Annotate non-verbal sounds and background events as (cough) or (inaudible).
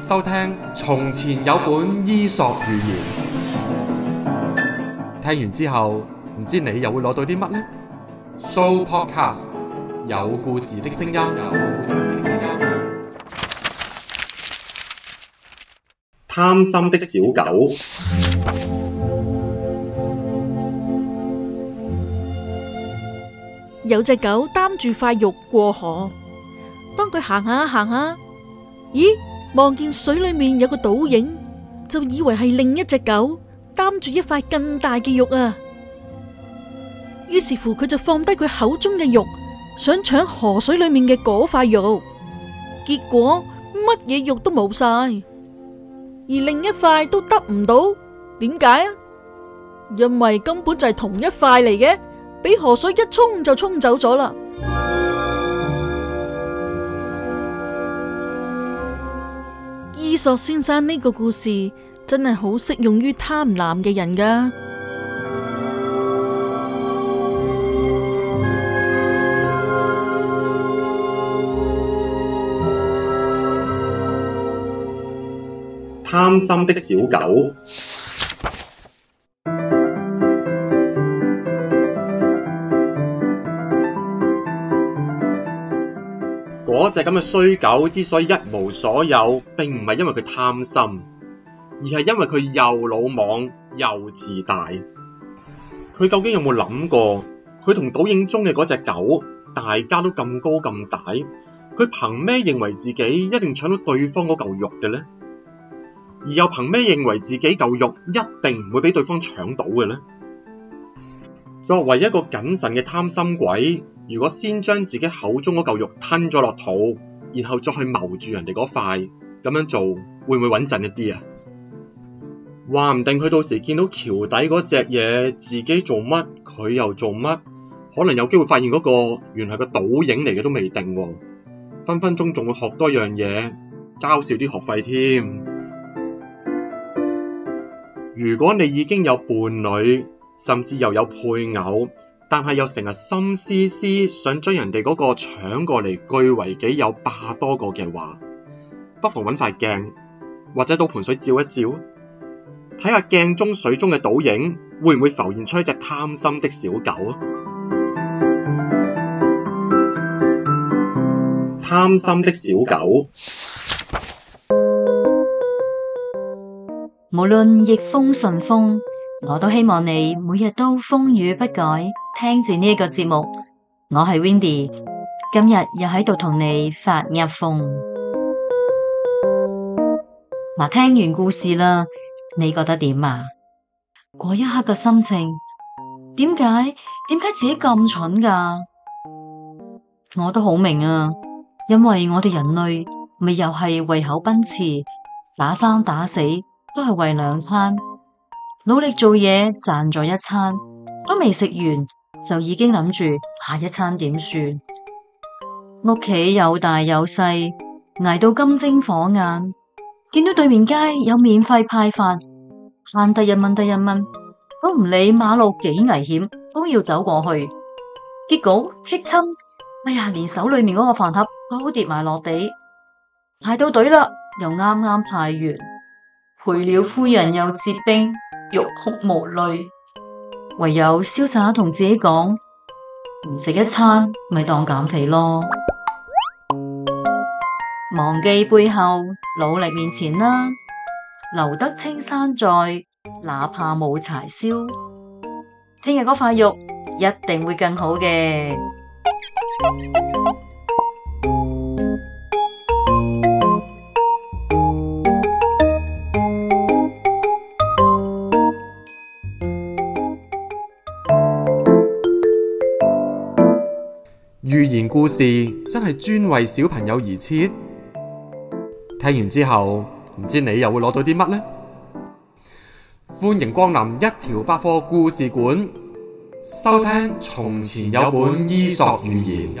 收聽從前有本伊索寓言，聽完之後唔知你又會攞到啲乜呢？Sooopodcast 有故事的聲音，有故事的聲音。貪心的小狗，有隻狗擔住塊肉過河，當佢行下行下，咦？望見水裏面有個倒影，就以為係另一隻狗擔住一塊更大嘅肉啊，於是乎佢就放低佢口中嘅肉，想搶河水裏面嘅嗰塊肉，結果乜嘢肉都冇晒，而另一塊都得唔到，點解啊？因為根本就係同一塊嚟嘅，俾河水一沖就沖走咗啦。伊索先生呢個故事真係好適用於貪婪嘅人㗎！貪心的小狗。嗰隻咁嘅衰狗之所以一無所有，並唔係因為佢貪心，而係因為佢又魯莽又自大。佢究竟有冇諗過，佢同倒影中嘅嗰隻狗，大家都咁高咁大，佢憑咩認為自己一定搶到對方嗰嚿肉嘅呢？而又憑咩認為自己嚿肉一定唔會俾對方搶到嘅呢？作為一個謹慎嘅貪心鬼。如果先將自己口中嗰嚿肉吞咗落肚，然後再去謀住人哋嗰塊，咁樣做，會唔會穩陣一啲啊？話唔定佢到時見到橋底嗰隻嘢，自己做乜佢又做乜，可能有機會發現嗰個原來係個倒影嚟嘅都未定喎、哦，分分鐘仲會學多樣嘢，交少啲學費添。如果你已經有伴侶，甚至又有配偶。但係又成日心思思想將人哋嗰個搶過嚟據為己有，霸多個嘅話，不妨揾塊鏡或者倒盆水照一照，睇下鏡中水中嘅倒影會唔會浮現出一隻貪心的小狗啊！貪心的小狗，小狗無論逆風順風，我都希望你每日都風雨不改。聽住呢一個節目，我係 Windy 今日又喺度同你發噏風。嗱、啊，聽完故事啦，你覺得點啊？嗰 (music) 一刻嘅心情，點解？點解自己咁蠢噶？我都好明啊，因為我哋人類咪又係為口奔馳，打生打死都係為兩餐，努力做嘢賺咗一餐，都未食完。就已經諗住下一餐點算？屋企有大有細，挨到金睛火眼，見到對面街有免費派飯，慳得一蚊得一蚊，都唔理馬路幾危險，都要走過去。結果棘親，哎呀，連手裏面嗰個飯盒都跌埋落地，排到隊啦，又啱啱派完，陪了夫人又折兵，欲哭無淚。唯有瀟灑同自己講，唔食一餐咪當減肥咯。忘記背後，努力面前啦。留得青山在，哪怕冇柴燒。聽日嗰塊肉一定會更好嘅。故事真係專為小朋友而設，聽完之後唔知你又會攞到啲乜咧？歡迎光臨一條百貨故事館，收聽從前有本伊索寓言。